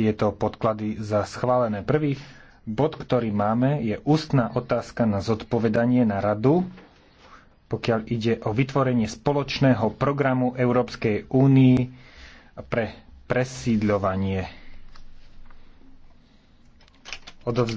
tieto podklady za schválené. Prvý bod, ktorý máme, je ústna otázka na zodpovedanie na radu, pokiaľ ide o vytvorenie spoločného programu Európskej únii pre presídľovanie. Odovz-